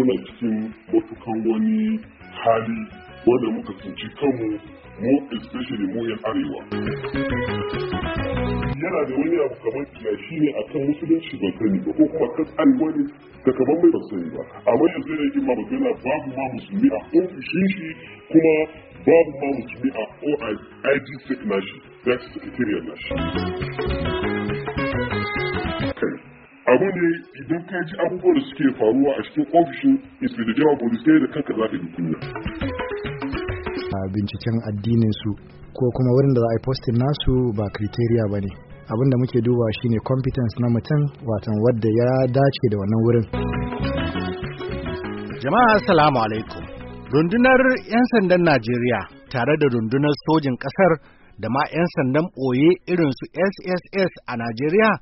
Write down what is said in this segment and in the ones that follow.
muna cikin matukan wani hali wanda muka tsinci kanmu mu especially mu yan arewa yana da wani abu kamar yashi ne a kan musulunci ban sani ba ko kuma kan arewa ne ka kamar mai ban sani ba amma yanzu yana yin magana babu ma musulmi a ofishin shi kuma babu ma musulmi a oig sec nashi that secretariat nashi abu ne idan ka ji abubuwan da suke faruwa a cikin ofishin inspector general da kanka za ka yi kunya binciken addinin su ko kuma wurin da za a yi postin nasu ba criteria ba ne abin da muke duba shine competence na mutum watan wadda ya dace da wannan wurin jama'a Salamu alaikum rundunar 'yan sandan najeriya tare da rundunar sojin kasar da ma 'yan sandan ɓoye irin su sss a najeriya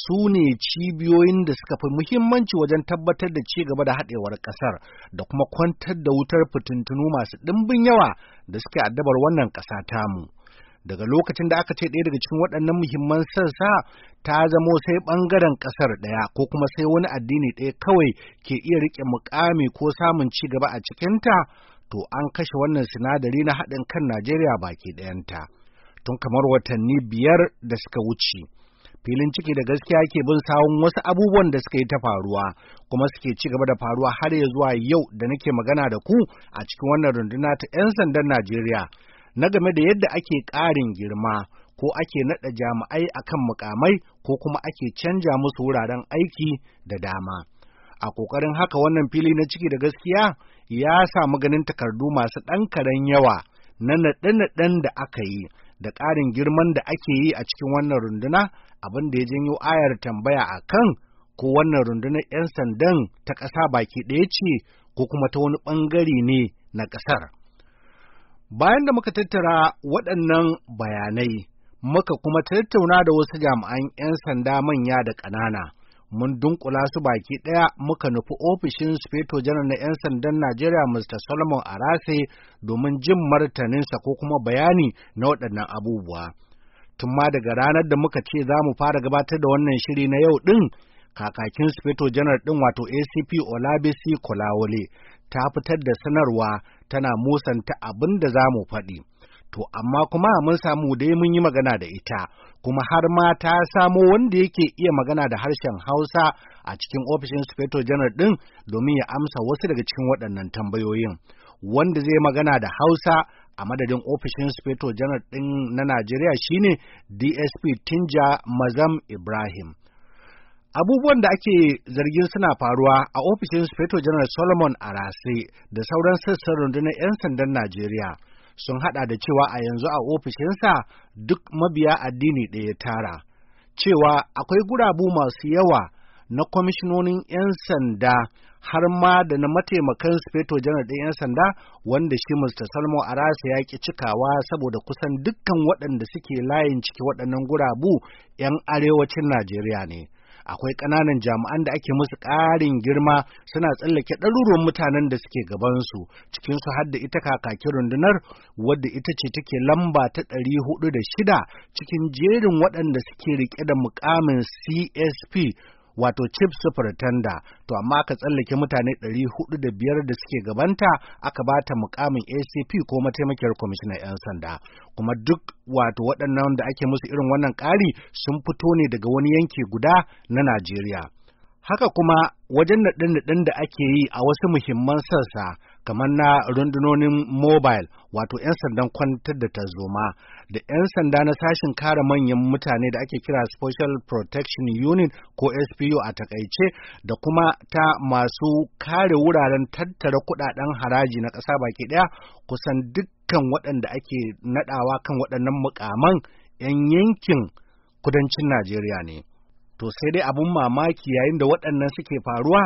su ne cibiyoyin da suka fi muhimmanci wajen tabbatar da ci gaba da haɗewar ƙasar da kuma kwantar da wutar fitintunu masu ɗimbin yawa da suke addabar wannan ƙasa tamu. Daga lokacin da aka ce ɗaya daga cikin waɗannan muhimman sassa ta zamo sai ɓangaren ƙasar ɗaya ko kuma sai wani addini ɗaya kawai ke iya riƙe muƙami ko samun ci gaba a cikinta, to an kashe wannan sinadari na haɗin kan Najeriya baki ɗayanta. Tun kamar watanni biyar da suka wuce. filin ciki da gaskiya ke bin sawon wasu abubuwan da suka yi ta faruwa kuma suke ci gaba da faruwa har ya zuwa yau da nake magana da ku a cikin wannan runduna ta 'yan sandan Najeriya na game da yadda ake ƙarin girma ko ake naɗa jami'ai akan mukamai ko kuma ake canja musu wuraren aiki da dama. A ƙoƙarin haka wannan fili na ciki da gaskiya ya samu ganin takardu masu ɗan karen yawa na naɗe-naɗen da aka yi da ƙarin girman da ake yi a cikin wannan runduna abin da ya janyo ayar tambaya a kan ko wannan rundunar 'yan sandan ta ƙasa baki ɗaya ce ko kuma ta wani ɓangare ne na ƙasar. Bayan da muka tattara waɗannan bayanai, muka kuma tattauna da wasu jami'an 'yan sanda manya da ƙanana. mun dunkula su baki ɗaya muka nufi ofishin Sufeto janar na 'yan sandan Najeriya Mr. Solomon Arase domin jin martaninsa ko kuma bayani na waɗannan abubuwa. Tun ma daga ranar da muka ce za mu fara gabatar da wannan shiri na yau ɗin, kakakin Sufeto janar ɗin wato ACP Olabisi Kulawole ta fitar da sanarwa tana musanta abin da za mu faɗi. to amma kuma mun samu dai mun yi magana da ita kuma har ma ta samo wanda yake iya magana da harshen Hausa a cikin ofishin Sufeto Janar ɗin domin ya amsa wasu daga cikin waɗannan tambayoyin. Wanda zai magana da Hausa a madadin ofishin Sufeto Janar ɗin na Najeriya shine DSP Tinja Mazam Ibrahim. abubuwan da ake zargin suna faruwa a ofishin Sufeto Janar Solomon Arase da sauran sassan rundunar 'yan sandan Najeriya sun haɗa da cewa a yanzu a ofishinsa duk mabiya addini ɗaya tara, cewa akwai gurabu masu yawa na kwamishinonin 'yan sanda har ma da na mataimakan sufeto janar ɗin 'yan sanda wanda shi Mr. Salmo Arasa ya ki cikawa saboda kusan dukkan waɗanda suke layin ciki waɗannan gurabu 'yan arewacin Najeriya ne. akwai ƙananan jami'an da ake musu ƙarin girma suna tsallake ɗaruruwan mutanen da suke gabansu cikin su hadda ita kakaki rundunar wadda ita ce take lamba ta ɗari hudu da shida cikin jerin waɗanda suke riƙe da mukamin CSP wato chief superintendent to amma aka tsallake mutane 405 da suke gabanta aka bata mukamin ACP ko mataimakiyar kwamishinan 'yan sanda kuma duk wato waɗannan da ake musu irin wannan ƙari sun fito ne daga wani yanki guda na Najeriya. Haka kuma wajen naɗin-naɗin da ake yi a wasu muhimman sassa kamar na rundunonin mobile wato 'yan sandan kwantar da tarzoma da 'yan sanda na sashin kare manyan mutane da ake kira Special Protection Unit ko SPU a takaice da kuma ta masu kare wuraren tattara kudaden haraji na ƙasa baki ɗaya kusan dukkan waɗanda ake naɗawa kan waɗannan mukaman 'yan yankin kudancin Najeriya ne. To sai dai abin mamaki yayin da waɗannan suke faruwa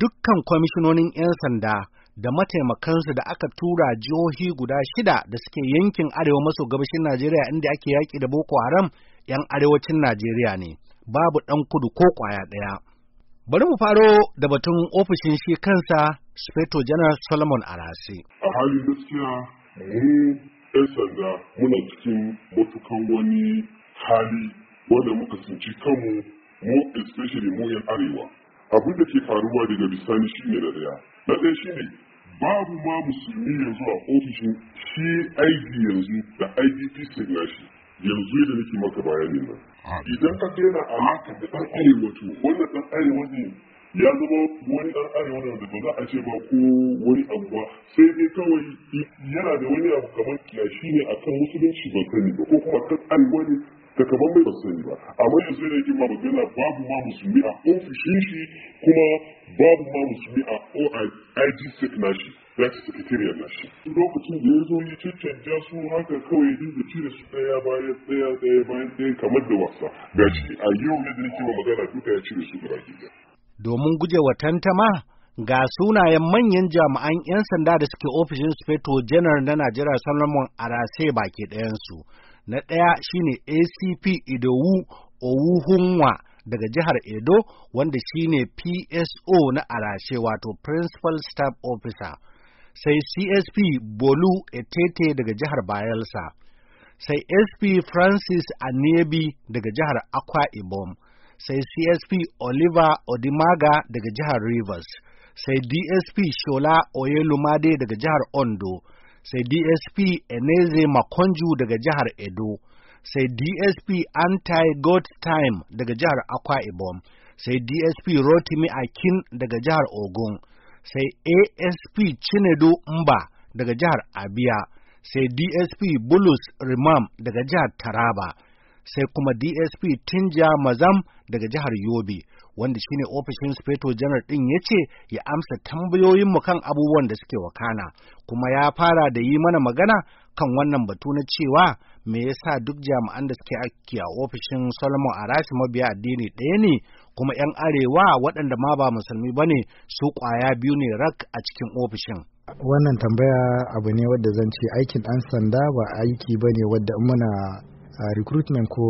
dukkan kwamishinonin 'yan sanda da mataimakansu da aka tura jihohi guda shida da suke yankin arewa maso gabashin Najeriya inda ake yaƙi da Boko Haram 'yan arewacin Najeriya ne, babu ɗan kudu ko ƙwaya ɗaya. Bari mu faro da batun ofishin shi kansa Speto General Solomon Arasi. A halin gaskiya mu 'yan sanda muna cikin matukan wani hali wanda muka tsinci kanmu mu especially mu yan arewa abin da ke faruwa daga bisani shi ne da daya na ɗaya shine babu ma musulmi yanzu a ofishin shi aiki yanzu da IDP sai shi yanzu da nake maka bayanin nan ah. idan ka daina alaka da ɗan arewa to wannan ɗan arewa ne ya zama wani ɗan arewa da ba za a ce ba ko wani abu ba sai dai kawai yana da wani abu kamar kiyashi ne akan musulunci ba sani ba ko kuma kan arewa ne da kamar mai ban sani ba amma yanzu ne yi ma magana babu ma musulmi a ofishin shi kuma babu ma musulmi a OIG sec nashi that secretariat nashi lokacin da ya zo ya cancanta su haka kawai ya dinga cire su ɗaya bayan ɗaya ɗaya bayan ɗaya kamar da wasa gashi a yau ne da nake ma magana duka ya cire su gaba ki domin gujewa tantama ga sunayen manyan jami'an 'yan sanda da suke ofishin Sufeto janar na Najeriya Solomon Arase baki ɗayansu. Na ɗaya shine ACP Idowu Owuhunwa daga jihar Edo wanda shine PSO na Arashe wato Principal Staff Officer. Sai CSP Bolu Etete daga jihar Bayelsa. Sai SP Francis Anebi daga jihar Akwa Ibom. sai CSP Oliver Odimaga daga jihar Rivers, sai DSP Shola Oyelumade daga jihar Ondo, sai DSP Eneze Makonju daga jihar Edo, sai DSP Anti time daga jihar Akwa Ibom, sai DSP Rotimi Akin daga jihar Ogun, sai ASP Chinedu Mba daga jihar Abia, sai DSP Bulus Rimam daga jihar Taraba. sai kuma DSP Tinja Mazam daga jihar Yobe, wanda shine ofishin Inspector Janar ɗin ya ce ya amsa tambayoyinmu kan abubuwan da suke wakana, kuma ya fara da yi mana magana kan wannan batu na cewa me yasa duk jami'an da suke aiki a ofishin Solomon Arashi mabiya addini ɗaya ne kuma 'yan arewa waɗanda ma ba musulmi ba ne su ƙwaya biyu ne rak a cikin ofishin. Wannan tambaya abu ne wadda zan ce aikin ɗan sanda ba aiki ba ne wadda muna A recruitment ko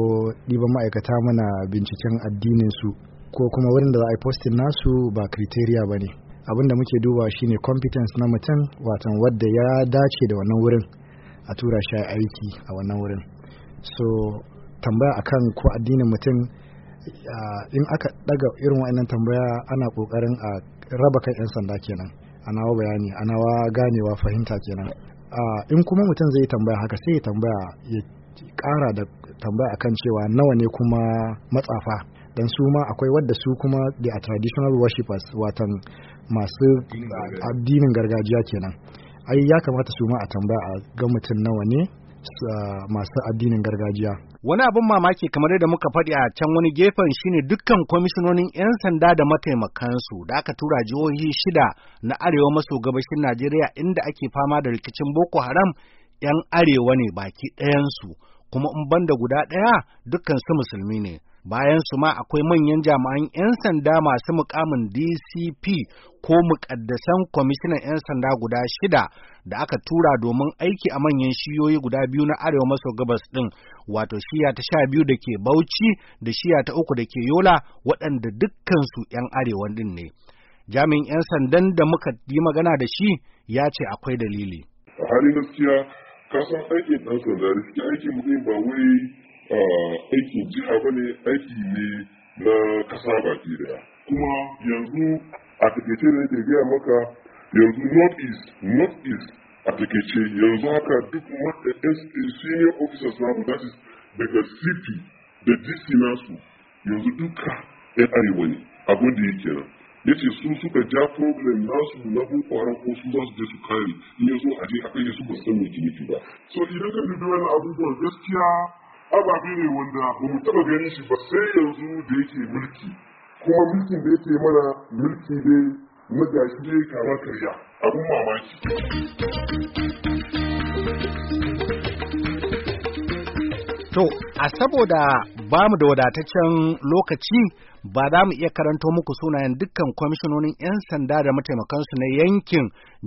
ɗiban ma'aikata mana binciken addinin su ko kuma wurin da za a yi posting nasu ba criteria ba ne abin da muke duba shine competence na mutum watan wadda ya dace da wannan wurin a tura shi aiki a wannan wurin so tambaya akan ko addinin mutum in aka daga irin wa'annan tambaya ana kokarin a raba kan 'yan sanda kenan a nawa bayani a nawa ganewa fahimta kenan in kuma mutum zai tambaya haka sai ya tambaya kara da tambaya akan cewa nawa ne kuma matsafa dan su ma akwai wadda su kuma they a traditional worshippers watan masu addinin gargajiya kenan ai ya kamata su ma a tambaya a ga mutum nawa ne masu addinin gargajiya wani abin mamaki kamar yadda muka faɗi a can wani gefen shine dukkan kwamishinonin 'yan sanda da mataimakansu da aka tura jihohi shida na arewa maso gabashin najeriya inda ake fama da rikicin boko haram ‘yan arewa ne baki ɗayansu, kuma in banda guda ɗaya dukkan su musulmi ne. Bayan su ma akwai manyan jami'an 'yan sanda masu mukamin DCP ko mukaddasan kwamishinan 'yan sanda guda shida da aka tura domin aiki a manyan shiyoyi guda biyu na arewa maso gabas ɗin, wato shiya ta sha biyu da ke Bauchi da shiya ta uku da ke Yola waɗanda dukkansu 'yan arewa ɗin ne. Jami'in 'yan sandan da muka yi magana da shi ya ce akwai dalili. A halin gaskiya kasan aikin ɗan sanda riski aikin mutum ba wai aikin jiha ba ne aiki ne na kasa baki daya kuma yanzu a takaice ne yake gaya maka yanzu north east north east a takaice yanzu haka duk senior officers na mu that daga cp da dc nasu yanzu duka yan arewa ne abin da yake nan yace su suka ja problem nasu na boko haram ko su za su je su kare in ya zo a je aka yi su ba san me ke nufi ba so idan ka dubi wani abubuwan gaskiya ababe ne wanda ba mu taba ganin shi ba sai yanzu da yake mulki kuma mulkin da yake mana mulki dai na gashi dai kama karya abun mamaki To, a saboda ba mu da wadataccen lokaci ba za mu iya karanto muku sunayen dukkan kwamishinonin 'yan sanda da mataimakansu na yankin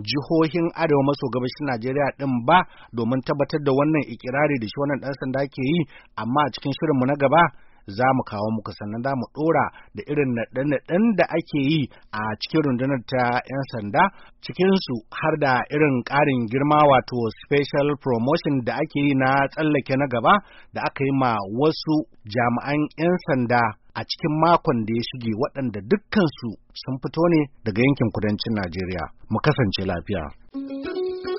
jihohin arewa maso gabashin Najeriya din ba domin tabbatar da wannan ikirari da shi wannan ɗan sanda ke yi amma a cikin shirinmu na gaba za mu kawo muku sannan za mu ɗora da irin naɗe-naɗen da ake yi a cikin rundunar ta 'yan sanda cikinsu har da irin ƙarin girma wato special promotion da ake yi na tsallake na gaba da aka yi ma wasu jami'an 'yan sanda a cikin makon da ya shige waɗanda dukkansu sun fito ne daga yankin kudancin Najeriya. Mu kasance lafiya.